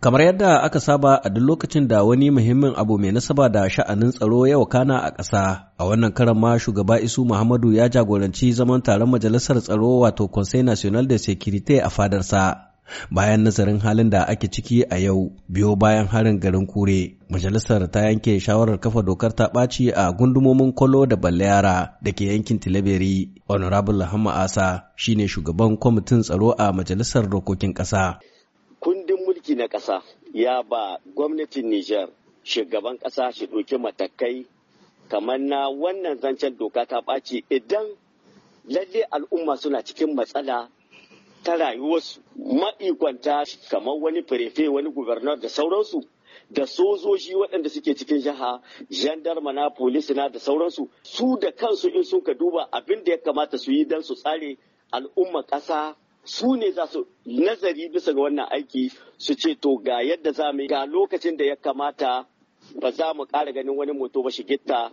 Kamar yadda aka saba a duk lokacin da wani muhimmin abu mai nasaba da sha'anin tsaro ya wakana a ƙasa, a wannan karan ma shugaba Isu Muhammadu ya jagoranci zaman taron majalisar tsaro wato Conseil National de Sécurité a fadarsa. Bayan nazarin halin da ake ciki a yau, biyo bayan harin garin kure, majalisar ta yanke shawarar kafa dokar ta ɓaci a gundumomin kolo da balayara da ke yankin Tilaberi. Honorable Hamma Asa shine shugaban kwamitin tsaro a majalisar dokokin ƙasa. kundin mulki na ƙasa ya ba gwamnatin Nijar shugaban ƙasa shi ɗauki matakai kamar na wannan zancen doka ta ɓaci idan lalle al'umma suna cikin matsala ta rayuwarsu ma'ikwanta kamar wani firefe wani gubernar da sauransu da sojoji waɗanda suke cikin jiha gendarma na polisi na da sauransu su da kansu in suka duba abin da ya kamata su yi don su tsare al'umma ƙasa su ne za su nazari bisa ga wannan aiki su ce to ga yadda za mu ga lokacin da ya kamata ba za mu ƙara ganin wani moto ba shigitta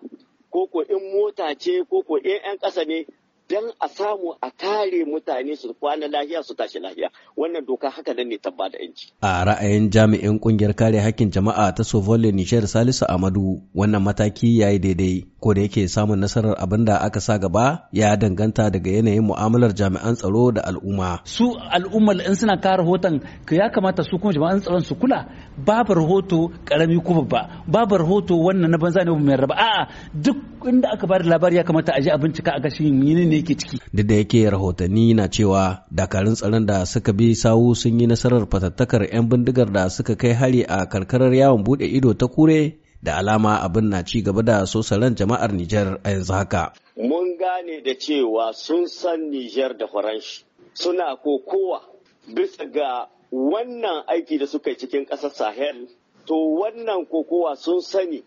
ko ko in mota ce ko ko in 'yan ƙasa ne don a samu a kare mutane su kwana lahiya su tashi lahiya wannan doka haka nan ne tabba da yanci. A ra'ayin jami'in kungiyar kare hakkin jama'a ta Sovolle Nishad Salisu Amadu wannan mataki yayi daidai. ko da yake samun nasarar abin da aka sa gaba ya danganta daga yanayin mu'amalar jami'an tsaro da al'umma su al'umma in suna kawo rahoton ya kamata su kuma jami'an tsaron su kula babu rahoto karami kuma ba babu rahoto wannan na banza ne mai raba a'a duk inda aka bada labari ya kamata a je a bincika a gashi yin ne yake ciki duk da yake rahotanni na cewa dakarun tsaron da suka bi sawu sun yi nasarar fatattakar 'yan bindigar da suka kai hari a karkarar yawon bude ido ta kure da alama abin na ci gaba da sosaran jama'ar Nijar a yanzu haka. Mun gane da cewa sun san Nijar da Faranshi suna kokowa bisa ga wannan aiki da suka yi cikin ƙasar Sahel. To wannan kokowa sun sani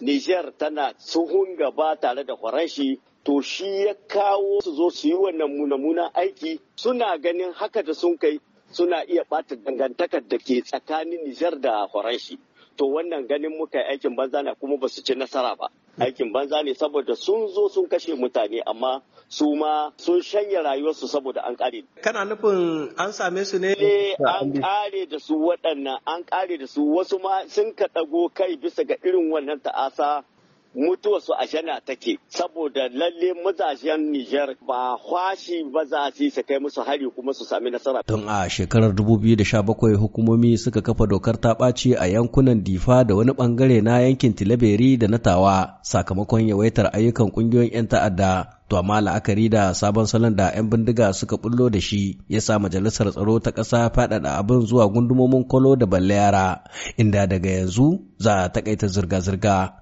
Nijar tana tsohon gaba tare da Faranshi to shi ya kawo su zo su yi wannan munamunan aiki suna ganin haka da sun kai suna iya ɓata dangantakar da ke tsakanin Nijar da Faranshi. to wannan ganin muka yi aikin banza na kuma ba su ci nasara ba aikin banza ne saboda sun zo sun kashe mutane amma su ma sun shanya rayuwarsu saboda an kare kana nufin an same su ne eh, an kare da su waɗannan an kare da su wasu ma sun ka ɗago kai bisa ga irin wannan ta'asa mutuwarsu a shana take saboda lalle mazajen Nijar ba kwashi ba za su su kai musu hari kuma su sami nasara. Tun a shekarar 2017 hukumomi suka kafa dokar ta ɓaci a yankunan Difa da wani bangare na yankin Tilaberi da na Tawa sakamakon yawaitar ayyukan ƙungiyoyin 'yan ta'adda. To amma la'akari da sabon salon da 'yan bindiga suka bullo da shi ya sa majalisar tsaro ta ƙasa faɗaɗa abin zuwa gundumomin Kolo da balle yara inda daga yanzu za a taƙaita zirga-zirga